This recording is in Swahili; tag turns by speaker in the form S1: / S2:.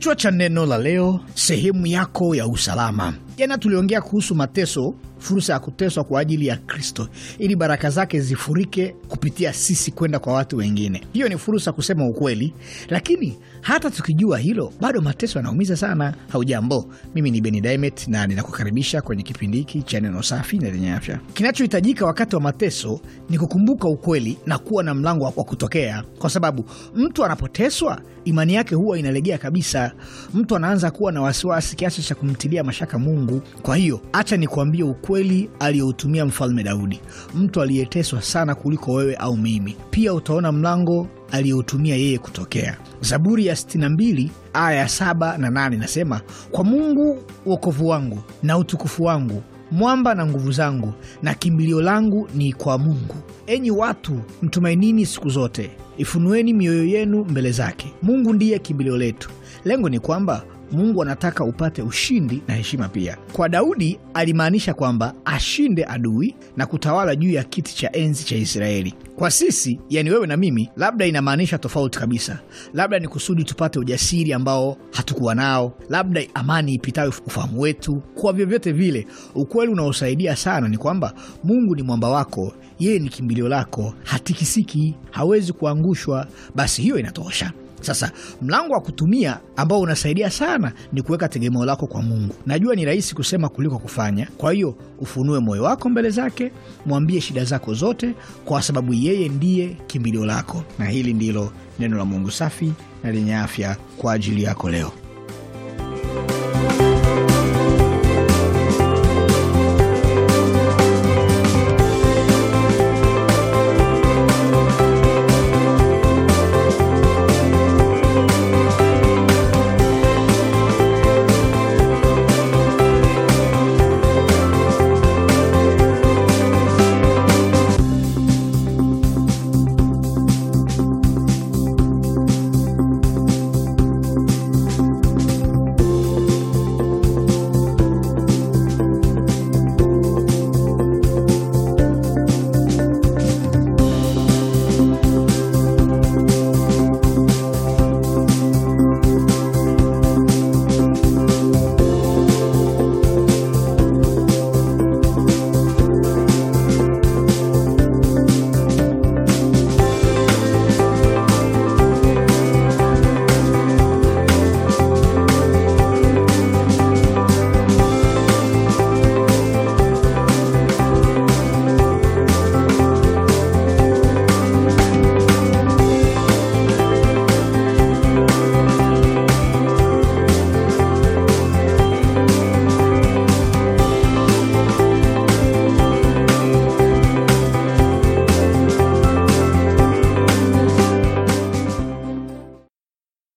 S1: Kichwa cha neno la leo, sehemu yako ya usalama. Jana tuliongea kuhusu mateso fursa ya kuteswa kwa ajili ya Kristo ili baraka zake zifurike kupitia sisi kwenda kwa watu wengine. Hiyo ni fursa kusema ukweli, lakini hata tukijua hilo bado mateso yanaumiza sana. Haujambo, mimi ni Beni Dimet na ninakukaribisha kwenye kipindi hiki cha neno safi na lenye afya. Kinachohitajika wakati wa mateso ni kukumbuka ukweli na kuwa na mlango wa kutokea, kwa sababu mtu anapoteswa imani yake huwa inalegea kabisa. Mtu anaanza kuwa na wasiwasi kiasi cha kumtilia mashaka Mungu. Kwa hiyo acha nikuambie ukweli ukweli aliyoutumia Mfalme Daudi, mtu aliyeteswa sana kuliko wewe au mimi. Pia utaona mlango aliyoutumia yeye kutokea. Zaburi ya 62 aya ya 7 na 8 nasema, kwa Mungu wokovu wangu na utukufu wangu mwamba na nguvu zangu na kimbilio langu ni kwa Mungu. Enyi watu, mtumainini siku zote, ifunueni mioyo yenu mbele zake. Mungu ndiye kimbilio letu. Lengo ni kwamba Mungu anataka upate ushindi na heshima pia. Kwa Daudi alimaanisha kwamba ashinde adui na kutawala juu ya kiti cha enzi cha Israeli. Kwa sisi, yani wewe na mimi, labda inamaanisha tofauti kabisa. Labda ni kusudi tupate ujasiri ambao hatukuwa nao, labda amani ipitayo ufahamu wetu. Kwa vyovyote vile, ukweli unaosaidia sana ni kwamba Mungu ni mwamba wako, yeye ni kimbilio lako, hatikisiki, hawezi kuangushwa. Basi hiyo inatosha. Sasa mlango wa kutumia ambao unasaidia sana ni kuweka tegemeo lako kwa Mungu. Najua ni rahisi kusema kuliko kufanya. Kwa hiyo ufunue moyo wako mbele zake, mwambie shida zako zote, kwa sababu yeye ndiye kimbilio lako. Na hili ndilo neno la Mungu safi na lenye afya kwa ajili yako leo.